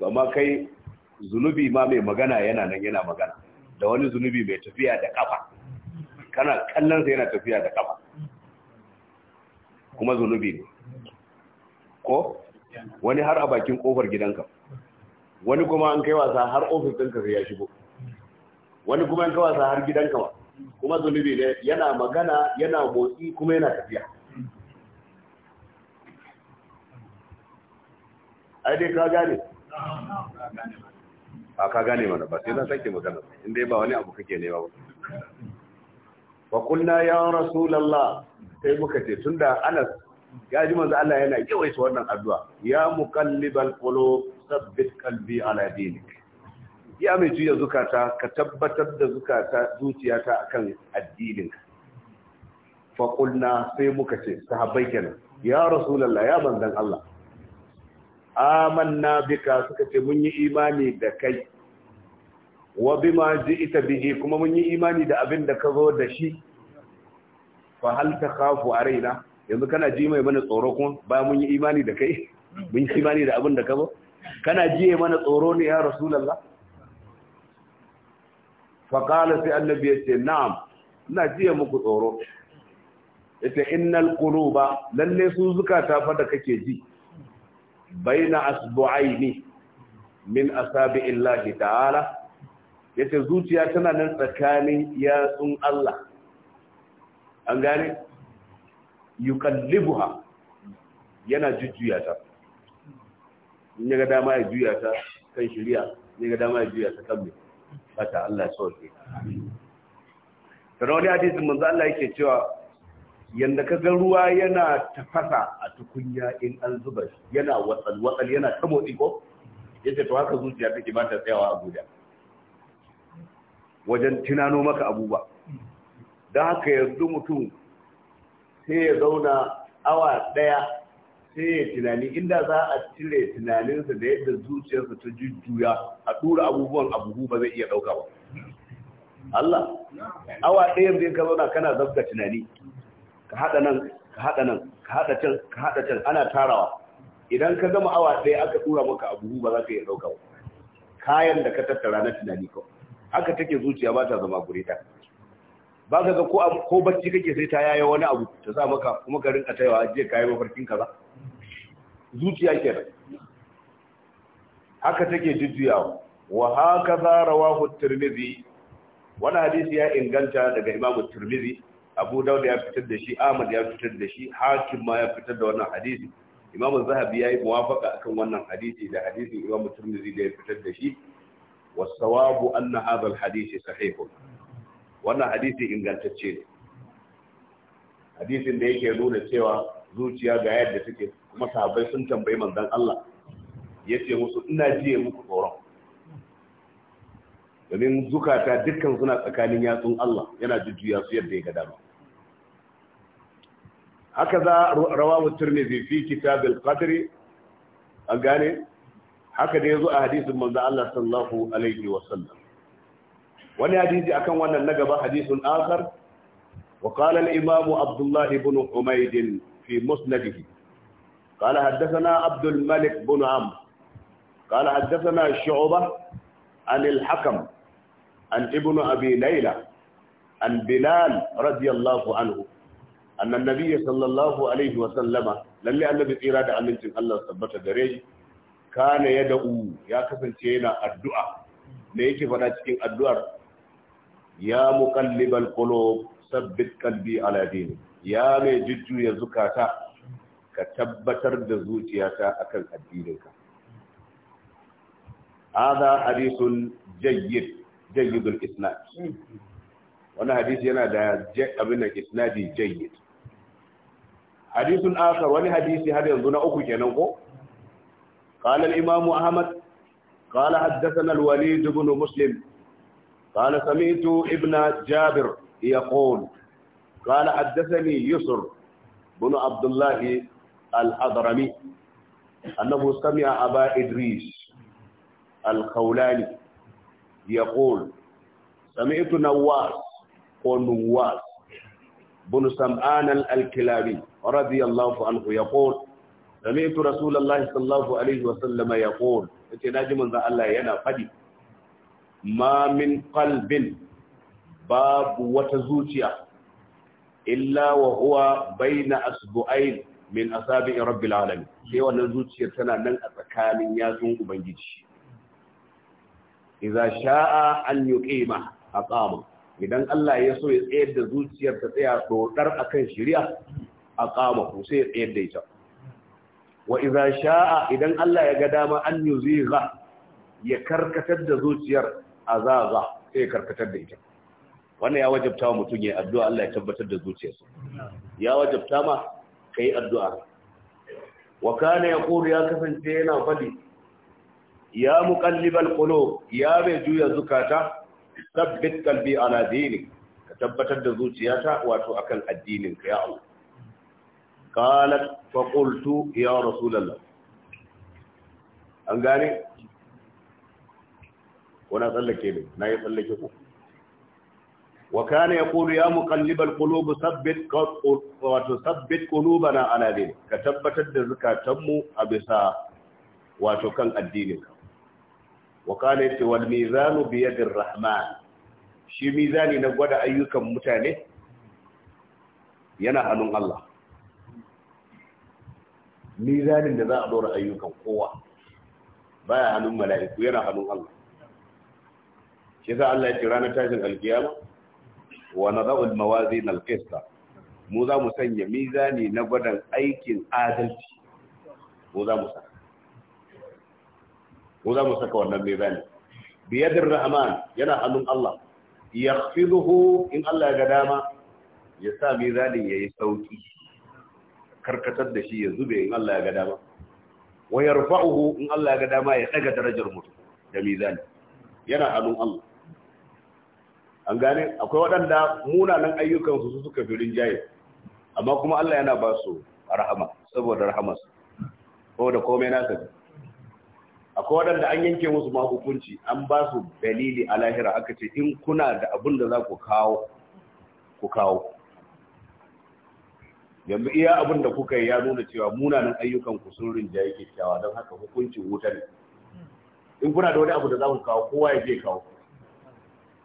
amma kai zunubi ma mai magana yana nan yana magana da wani zunubi mai tafiya da kafa kana kallon sa yana tafiya da kafa kuma zunubi ne ko wani har a bakin kofar gidanka wani kuma an kai wasa har ofis ɗinka sai ya shigo wani kuma an kai wasa har gidanka ba kuma zunubi ne yana magana yana motsi kuma yana tafiya ai dai ka gane ba ka gane mana ba sai na sake magana inda ba wani abu kake ne ba faƙulna ya rasulallah sai muka ce tun da anas ya ji manzo Allah yana yawaita wannan addu'a ya muqallibal qulub sabbit qalbi ala dinik ya mai juya zukata ka tabbatar da zukata zuciyata akan addininka faƙulna sai muka ce sahabbai kenan ya rasulallah ya manzan Allah amanna bika suka ce mun yi imani da kai wa bima ji'ta bihi kuma mun yi imani da abin da ka zo da shi fa hal takhafu alaina yanzu kana ji mai mana tsoro kun ba mun yi imani da kai mun yi imani da abin da ka zo kana ji mana tsoro ne ya rasulullah fa qala sai annabi yace ce na'am ina ji muku tsoro ita innal quluba lalle su zukata fa da kake ji baina asbu'aini min illahi ta'ala ya ce zuciya tana nan tsakanin yatsun Allah an gane yuqallibuha yana jujjuya ta in ya ga dama ya juya ta kan shirya in ya ga dama ya juya ta kan me. bata Allah ya sauke sanarwar hadisin manzo Allah yake cewa yanda ka ga ruwa yana tafasa a tukunya in an zuba yana watsal watsal yana ta motsi ko yace to haka zuciya take ba ta tsayawa a guda wajen tunano maka abubuwa don haka yanzu mutum sai ya zauna awa daya sai ya tunani inda za a cire tunaninsa da yadda zuciyarsa ta jujjuya a ɗura abubuwan abubu ba zai iya ɗauka ba Allah awa daya zai ka zauna kana zafka tunani ka haɗa nan ka haɗa nan ka haɗa can ka haɗa can ana tarawa idan ka gama awa daya aka ɗura maka abubu ba za ka iya ɗauka ba kayan da ka tattara na tunani kawai haka take zuciya ba ta zama guri ta ba ka ga ko bacci kake sai ta yaya wani abu ta sa maka kuma ka rinka taiwa ajiye kayan mafarkin kaza zuciya da haka take jujjuyawa wa haka za rawahu tirmidhi wani hadisi ya inganta daga imamu tirmidhi abu dauda ya fitar da shi ahmad ya fitar da shi hakim ma ya fitar da wannan hadisi imamu zahabi ya yi muwafaka akan wannan hadisi da hadisin imamu tirmidhi da ya fitar da shi والصواب أن هذا الحديث صحيح wannan hadisi ingantacce ne hadisin da yake nuna cewa zuciya ga yadda take kuma sahabbai sun tambayi manzon Allah ya ce musu ina jiye muku tsoron domin zukata dukkan suna tsakanin yatsun Allah yana jujjuya su yadda ya ga dama haka za rawa tirmidhi fi kitabil qadri an gane haka dai zo a hadisin manzo Allah sallallahu alaihi wa sallam wani hadisi akan wannan na gaba hadisin akhar wa qala al imam abdullah ibn umayd fi musnadih qala haddathana abdul malik ibn am qala haddathana shu'bah an al an ibn abi an bilal radiyallahu anhu anna an-nabiy sallallahu alaihi wa sallama lalli annabi tsira da amincin Allah tabbata gare kana ya da'u ya kasance yana addu'a da yake fada cikin addu'ar ya muqallibal qulub sabbit qalbi ala ya mai jujjuya zukata ka tabbatar da zuciyata akan addininka hada hadisun jayyid jayyidul isnad wani hadisi yana da abin isnadi jayyid hadisun asar wani hadisi har yanzu na uku kenan ko قال الإمام أحمد قال حدثنا الوليد بن مسلم قال سمعت ابن جابر يقول قال حدثني يسر بن عبد الله الأضرمي أنه سمع أبا إدريس الخولاني يقول سمعت نواس ونواس بن سمعان الكلابي رضي الله عنه يقول sami'tu رسول sallallahu alaihi الله عليه وسلم يقول manzon Allah yana الله mamin فدي ما babu wata zuciya illa wa huwa baina اصبعين min asabi'i رب العالمين sai wannan zuciyar tana nan a tsakanin yatsun ubangiji idza sha'a an yuqima aqama idan Allah ya so ya tsayar da zuciyar ta tsaya dodar akan shari'a aqama ko sai ya tsayar da ita wa idza sha'a idan Allah ya ga dama an yuzigha ya karkatar da zuciyar azaza sai ya karkatar da ita wannan ya wajabta wa mutum ya addu'a Allah ya tabbatar da zuciyarsa ya wajabta ma kai addu'a wa kana yaqulu ya kasance yana fadi ya muqallibal qulub ya bai juya zukata tabbit qalbi ala dinik ka tabbatar da zuciyata wato akan addinin ka ya Allah قالت فقلت يا رسول الله انغاني وانا صلكي لي نا يصلكي وكان يقول يا مقلب القلوب ثبت وتثبت قلوبنا على دينك كتبت ذكاتمو ابسا واتو كان ادينك وقال والميزان بيد الرحمن شي ميزاني نغدا ايكم متاني yana hannun Allah mizanin da za a dora ayyukan kowa ba ya hannun mala'iku yana hannun Allah shi yasa Allah ya ce ranar tashin alkiyama wa na nadau almawazin alqista mu za mu sanya mizani na gwadan aikin adalci mu za mu saka mu za mu saka wannan mizani biyadin rahman yana hannun Allah yakhfiduhu in Allah ya ga dama ya sa mizanin yi sauki karkatar da shi ya zube in Allah ya ga dama wa yarfa'uhu in Allah ya ga dama ya daga darajar mutu da mizani yana hannun Allah an gane akwai waɗanda munanan ayyukan su suka fi rinjaye amma kuma Allah yana ba su rahama saboda ko da komai nasa akwai waɗanda an yanke musu ma hukunci an ba su dalili a lahira aka ce in kuna da abin da za ku kawo ku kawo yanzu iya abin da kuka yi ya nuna cewa munanan ayyukan ku sun rinjaye kyakkyawa don haka hukuncin wuta ne in kuna da wani abu da za ku kawo kowa ya je kawo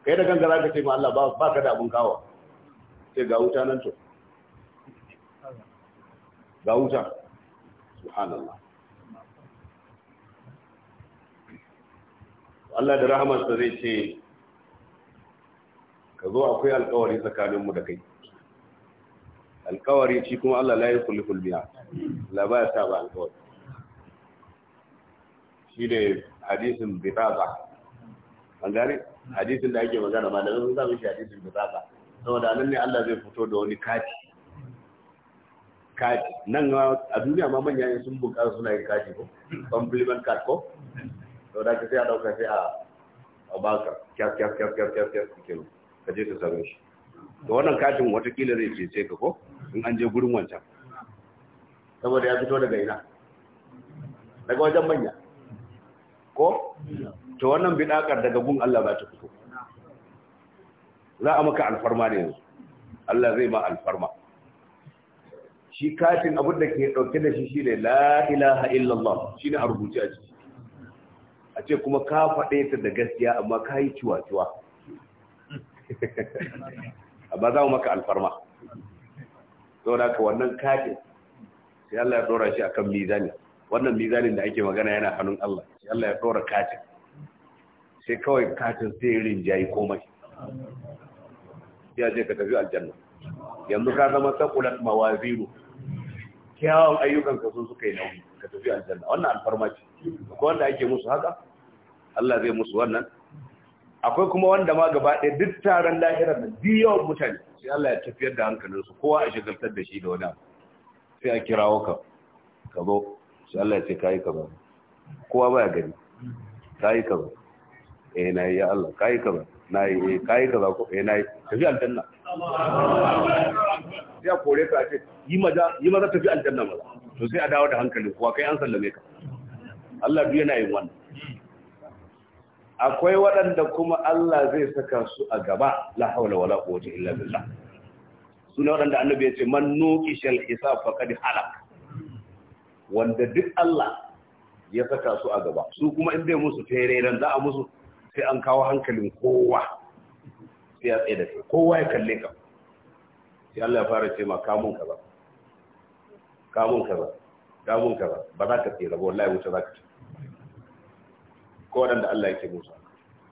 kai da ganga za ka ce ma Allah ba ka da abin kawo sai ga wuta nan to ga wuta subhanallah Allah da rahamarsa zai ce ka zo akwai alkawari tsakaninmu da kai alkawari shi kuma Allah la yi al-mi'ad la ba ta ba alkawari shi ne hadisin bitaza an gari hadisin da ake magana ba da sun samu shi hadisin bitaza saboda nan ne Allah zai fito da wani kati kati nan a duniya ma manya yin sun bukata suna yin kati ko compliment card ko sau da sai a dauka sai a baka kyaf kyaf kyaf kyaf kyaf ka je shi to wannan zai ka ko in an je gurin wancan saboda ya fito daga ina daga wajen manya ko to wannan bidakar daga gun Allah za ta fito za a maka alfarma ne yanzu Allah zai ma alfarma shi katin abin da ke dauke da shi shine la ilaha illallah ne a rubuce a ciki a ce kuma ka faɗe ta da gaskiya amma ka yi ciwa-ciwa amma [LAUGHS] za mu maka alfarma saboda ka wannan katin sai Allah ya tsora shi akan mizani wannan mizanin da ake magana yana hannun Allah sai Allah ya tsora katin sai kawai katin sai rinjayi komai ya je ka tafi aljanna yanzu ka zama sakulat mawaziru kyawun ayyukan ka sun suka yi nauyi ka tafi aljanna wannan alfarma ce ko wanda ake musu haka Allah zai musu wannan akwai kuma wanda ma gaba ɗaya duk taron lahirar da biyan mutane sai Allah ya tafiyar da hankalinsu kowa a shigartar da shi da wani sai a kirawo ka ka zo sai Allah ya ce ka ka ba kowa baya gani yi ka ba eh yi ya Allah yi ka ba yi eh kayi ka ba ko eh yi. tafi aljanna sai a kore ka ce yi maza yi maza tafi aljanna maza to sai a dawo da hankalin kowa kai an sallame ka Allah duk yana yin wannan akwai waɗanda kuma Allah zai saka su a gaba la haula wala quwwata illa billah sune waɗanda annabi ya ce man nuqishal hisab faqad halak wanda duk Allah ya saka su a gaba su kuma in zai musu dan za a musu sai an kawo hankalin kowa sai ya tsaye da kai kowa ya kalle ka sai Allah ya fara ce ma kamun kaza kamun kaza kamun kaza ba za ka tsira ba wallahi wuce za ka tsira ko waɗanda Allah yake musa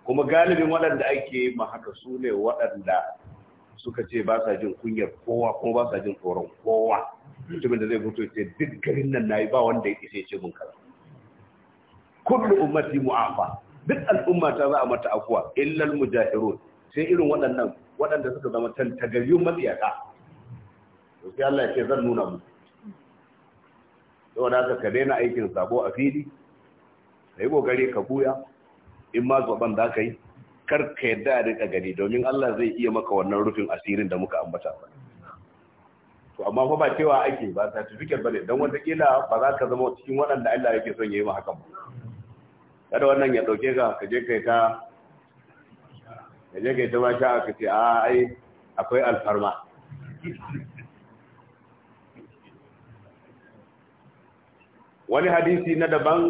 kuma galibin waɗanda ake yi ma haka su ne waɗanda suka ce ba sa jin kunyar kowa kuma ba sa jin tsoron kowa mutumin da zai fito ce duk garin nan nayi ba wanda ya isa ce mun kaza kullu ummati mu'afa duk al'umma ta za a mata afuwa illa al-mujahirun sai irin waɗannan waɗanda suka zama tantagaryun matsiyaka to sai Allah ya ce zan nuna mu to da ka daina aikin sabo a fili ka yi kokari ka buya in ma zaban da ka yi kar ka yadda a rika gani domin Allah zai iya maka wannan rufin asirin da muka ambata ba to amma fa ba cewa ake ba certificate bane dan wanda kila ba za ka zama cikin waɗanda Allah yake son yayi ma hakan ba kada wannan ya dauke ka ka je kai ta ka je kai ta ba sha ka ce a ai akwai alfarma wani hadisi na daban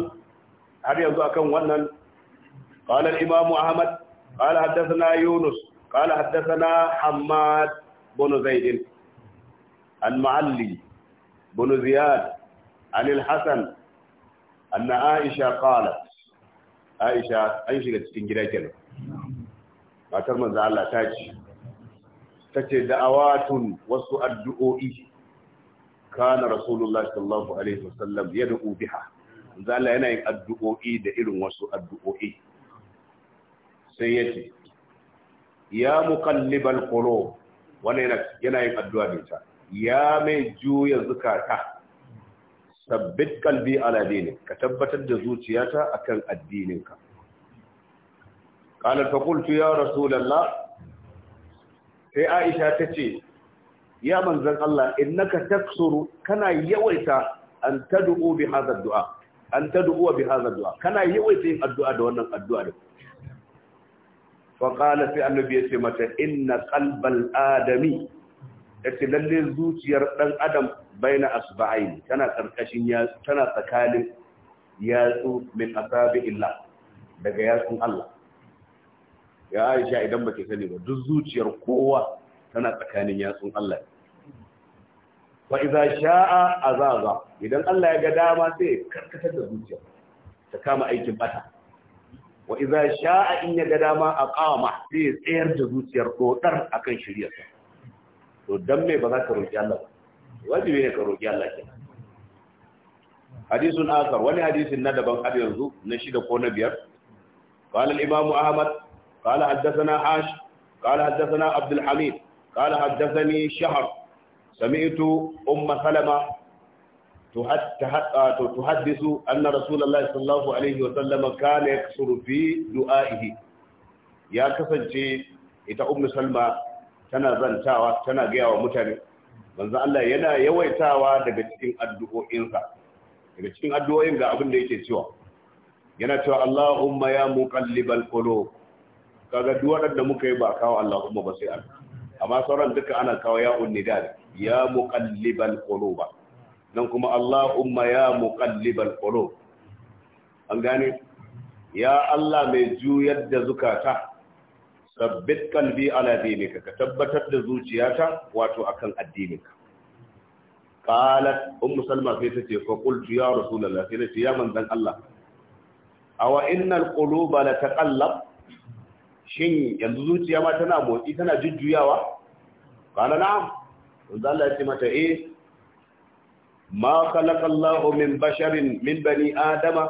har yanzu akan wannan qala al-imam ahmad qala hadathana yunus qala hadathana hammad bin zaid al-mu'alli bin ziyad an al-hasan anna aisha qalat aisha an shiga cikin gida kenan matar manzo Allah ta ce tace da'awatun wasu addu'o'i kana rasulullahi sallallahu alaihi wasallam yad'u biha manzo yana yin addu'o'i da irin wasu addu'o'i sai yace ya muqallibal qulub wannan yana yana yin addu'a da ita ya mai juya zukata sabbit kalbi ala dinik ka tabbatar da zuciyata akan addininka Ƙanar fa qultu ya rasulullah sai Aisha tace ya manzon Allah innaka taksuru kana yawaita an tad'u bi hadha du'a an tad'u bi hadha du'a kana yawaita yin addu'a da wannan addu'a da fa sai annabi yace mata inna qalbal adami yace lalle zuciyar ɗan adam baina asba'ain tana karkashin ya tana tsakanin yatsu min asabi illa daga yatsun Allah ya Aisha idan baki sani ba duk zuciyar kowa tana tsakanin yatsun Allah ne wa idza sha'a azaza idan Allah ya ga dama sai karkatar da zuciya ta kama aikin bata wa idza sha'a in ya ga dama aqama sai tsayar da zuciyar dodar akan shiriyar sa to dan me ba za ka roki Allah wajibi ne ka roki Allah kenan hadisun akar wani hadisin na daban har yanzu na shida ko na biyar قال الإمام أحمد قال حدثنا عاش قال حدثنا عبد الحميد قال حدثني شهر sami'tu umma salama تحدث أن رسول الله صلى الله عليه وسلم كان يكسر في دعائه يا ita ummu salma tana zantawa tana gaya wa mutane manzo Allah yana yawaitawa daga cikin addu'o'insa daga cikin addu'o'in ga abin da yake cewa yana cewa Allahumma ya muqallibal qulub kaga duk wanda muka yi ba kawo Allahumma ba sai amma sauran duka ana kawo ya unnidal ya muqallibal quluba nan kuma Allahumma ya muqallibal qulub an gane ya Allah mai juyar da zukata sabbit kalbi ala dinika ka tabbatar da zuciyata wato akan addininka qalat ummu salma sai tace fa qultu ya rasulullah sai nace ya manzon Allah awa innal quluba la taqallab shin yanzu zuciya ma tana motsi tana jujjuyawa kana na'am don Allah ya ce mata eh ma khalaqallahu min basharin min bani adama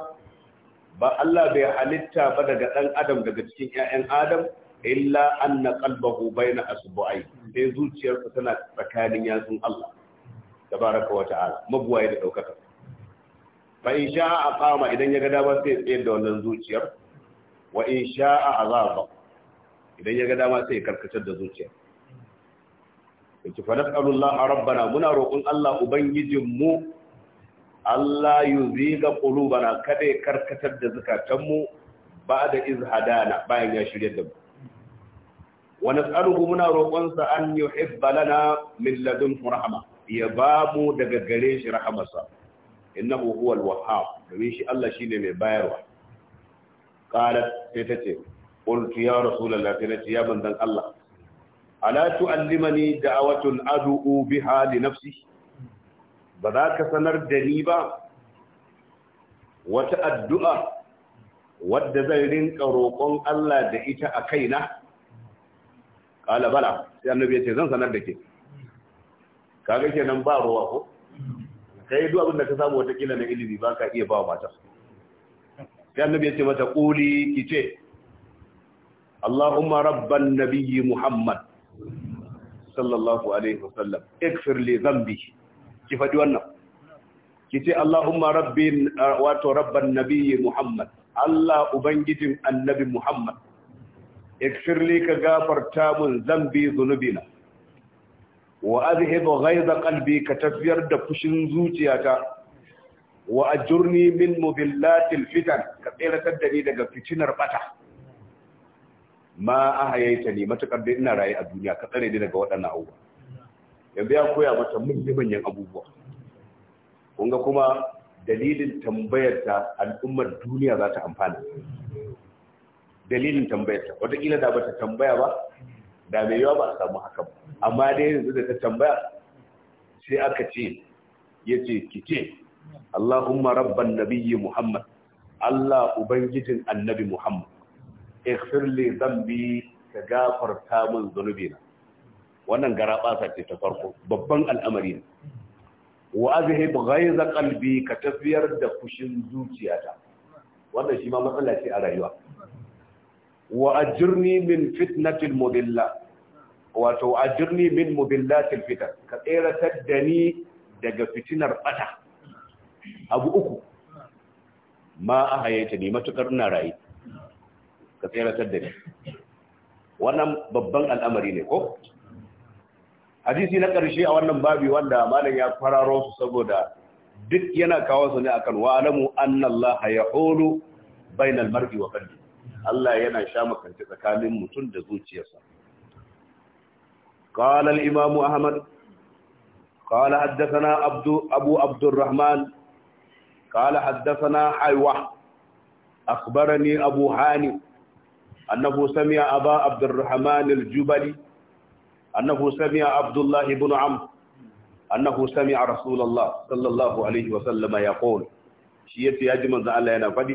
ba Allah bai halitta ba daga dan adam daga cikin ƴaƴan adam illa anna qalbahu baina asbu'ai sai zuciyar sa tana tsakanin yatsun Allah tabaraka wa ta'ala mabuwaye da daukaka fa in sha'a aqama idan ya ga dama sai tsayar da wannan zuciyar wa in sha'a azaba idan ya ga dama sai ya karkatar da zuciya yace fa nas'alullaha rabbana muna roƙon Allah ubangijin mu Allah yuziga qulubana kada ya karkatar da zakatan mu ba'da iz hadana bayan ya shirye da mu wa nas'aluhu muna roƙon sa an yuhibba lana min ladunhu rahma ya bamu daga gare shi rahamarsa innahu huwal wahhab domin shi Allah shine mai bayarwa qalat sai tace qultu ya rasulullah sai nace ya banzan Allah ala tu'allimani da'awatun ad'u biha li nafsi ba za ka sanar da ni ba wata addu'a wadda zan rinka roƙon Allah da ita a kaina qala bala sai annabi zan sanar da ba ruwa ko kai duk abin da ka samu wata kila na ilimi ba ka iya ba mata sai annabi ya ce mata ki kice Allahumma rabban nabiyyi Muhammad sallallahu alaihi wasallam ikfir li dhanbi ki faɗi wannan ki ce Allahumma rabbi uh, wato rabban nabiyyi Muhammad Allah ubangijin annabi Muhammad ikfir li ka gafarta mun zambi zunubina wa azhib ghaiza qalbi ka tafiyar da fushin zuciyata wa ajurni min mubillatil fitan ka tsiratar da daga fitinar bata ma a hayayta ne matakar da ina rayu a duniya ka tsare ne daga waɗannan abubuwa yanzu ya koya mata manya manyan abubuwa kun kuma dalilin tambayar ta al'ummar duniya za ta amfana dalilin tambayar ta wataƙila da ba ta tambaya ba da mai yawa ba a samu haka ba amma da yanzu da ta tambaya sai aka ce ya ce ki Allahumma rabban nabiyyi Muhammad Allah ubangijin annabi Muhammad ighfir li dhanbi ka gafarta min zunubi na wannan garabasa ce ta farko babban al'amari ne wa azhib ghaiza qalbi ka tafiyar da kushin zuciyata wannan shi ma matsala ce a rayuwa wa ajirni min fitnatil mudilla wato ajirni min mudillatil fitan ka tseratar da ni daga fitinar bata abu uku ma a hayyata ne matukar na rayu ka tseratar da ni wannan babban al'amari ne ko hadisi na ƙarshe a wannan babi wanda malam ya fararo su saboda duk yana kawo su ne akan wa alamu annallaha yahulu bainal mar'i wa qalbi Allah yana sha makanci tsakanin mutum da zuciyarsa قال الإمام Ahmad, قال حدثنا عبد أبو عبد الرحمن قال حدثنا حيوة اخبرني ابو حانئ أنه سمع أبا عبد الرحمن الجبلي أنه سمع عبد الله بن عمرو أنه سمع رسول الله صلى الله عليه وسلم يقول شيئتي يا جماعة الله أنا فدي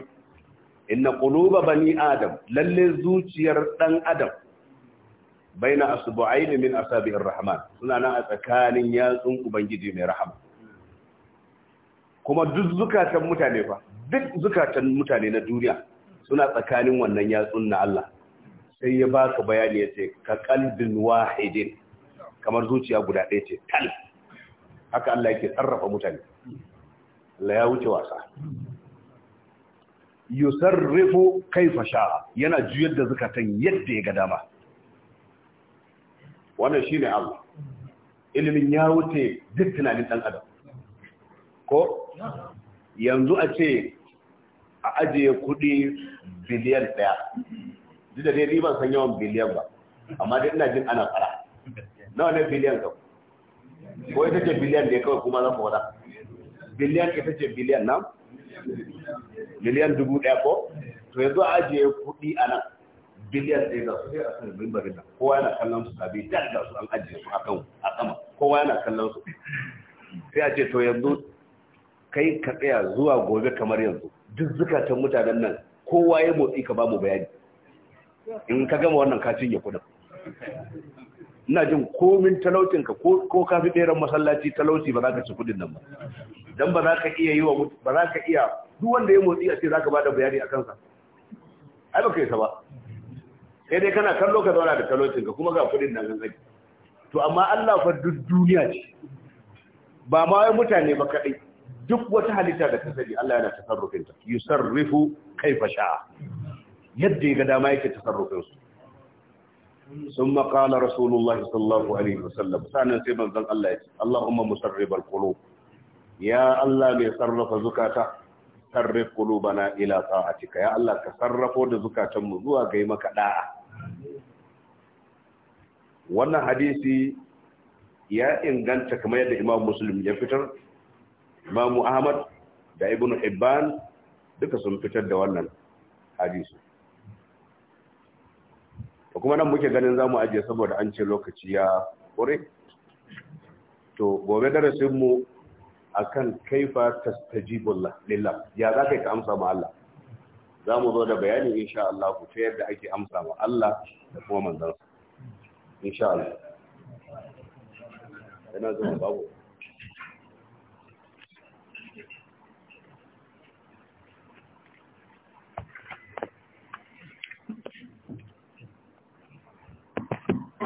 إن قلوب بني آدم للزوجير دن آدم بين أصبعين من أصابع الرحمن سنانا أتكان ياسون أبنجي من رحمة kuma duk zukatan mutane fa duk zukatan mutane na duniya suna tsakanin wannan yatsun na Allah sai ya baka bayani ya ce ka kalbin wahidin kamar zuciya guda ɗaya ce tal haka Allah yake sarrafa mutane Allah ya wuce wasa yusarrifu kaifa sha'a yana juyar da zakatan yadda ya ga dama wannan shine Allah ilimin ya wuce duk tunanin dan adam ko yanzu a ce a ajiye kuɗi biliyan ɗaya duk da dai ni ban san yawan biliyan ba amma dai ina jin ana fara nawa ne biliyan ka ko ita ce biliyan da kawai kuma zan faɗa biliyan ita ce biliyan nan miliyan dubu ɗaya ko to yanzu a ajiye kuɗi a nan biliyan ɗaya ga su sai a san rimbarin nan kowa yana kallon su sabi dan ga su an ajiye su akan a sama kowa yana kallon su sai a ce to yanzu kai ka tsaya zuwa gobe kamar yanzu duk zukatan mutanen nan kowa ya motsi ka ba mu bayani in ka gama wannan kacin ya kudin ina jin komin talautinka ko ka fi ɗeran masallaci talauci ba za ka ci kudin nan ba don ba za ka iya yi wa ba za ka iya duk wanda ya motsi a ce za ka ba da bayani a kansa ai ba kai sa ba sai dai kana kallo ka zauna da talautinka kuma ga kudin nan gangan to amma allah fa duk duniya ce ba ma wai mutane ba kaɗai duk wata halitta da ta sani Allah yana tasarrufin ta yusarrifu kaifa sha'a yadda ya ga dama yake tasarrufin su ثم قال رسول الله صلى الله عليه وسلم سانا سيبن ذن الله اللهم مسرب القلوب يا الله مي صرف زكاتا صرف قلوبنا الى Ya Allah ka sarrafo da zukatan mu zuwa ga maka da'a wannan hadisi ya inganta kamar yadda Imam Muslim ya fitar imamu ahmad da ibn hibban duka sun fitar da wannan hadisi to kuma nan muke ganin zamu aje saboda an ce lokaci ya kore to gobe darasin mu akan kaifa tastajibullah lillah ya za ka amsa ma Allah za mu zo da bayani insha Allah ku ta yadda ake amsa ma Allah da kuma manzon insha Allah ina zuwa babu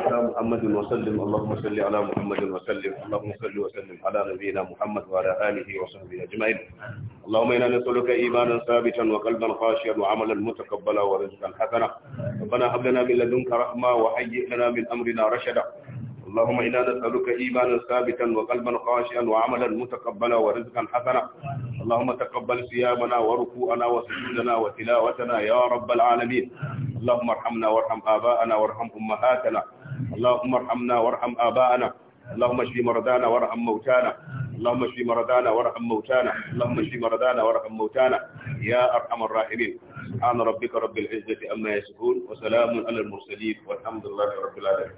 على محمد وسلم اللهم صل على محمد وسلم اللهم صل وسلم على نبينا محمد وعلى اله وصحبه اجمعين اللهم انا نسالك ايمانا ثابتا وقلبا خاشعا وعملا متقبلا ورزقا حسنا ربنا هب لنا من لدنك رحمه وهيئ لنا من امرنا رشدا اللهم إنا نسألك إيمانا ثابتا وقلبا خاشعا وعملا متقبلا ورزقا حسنا اللهم تقبل صيامنا وركوعنا وسجودنا وتلاوتنا يا رب العالمين اللهم ارحمنا وارحم آباءنا وارحم أمهاتنا اللهم ارحمنا وارحم آباءنا اللهم اشف مرضانا وارحم موتانا اللهم اشف مرضانا وارحم موتانا اللهم اشف مرضانا وارحم موتانا يا ارحم الراحمين سبحان ربك رب العزة عما يصفون وسلام على المرسلين والحمد لله رب العالمين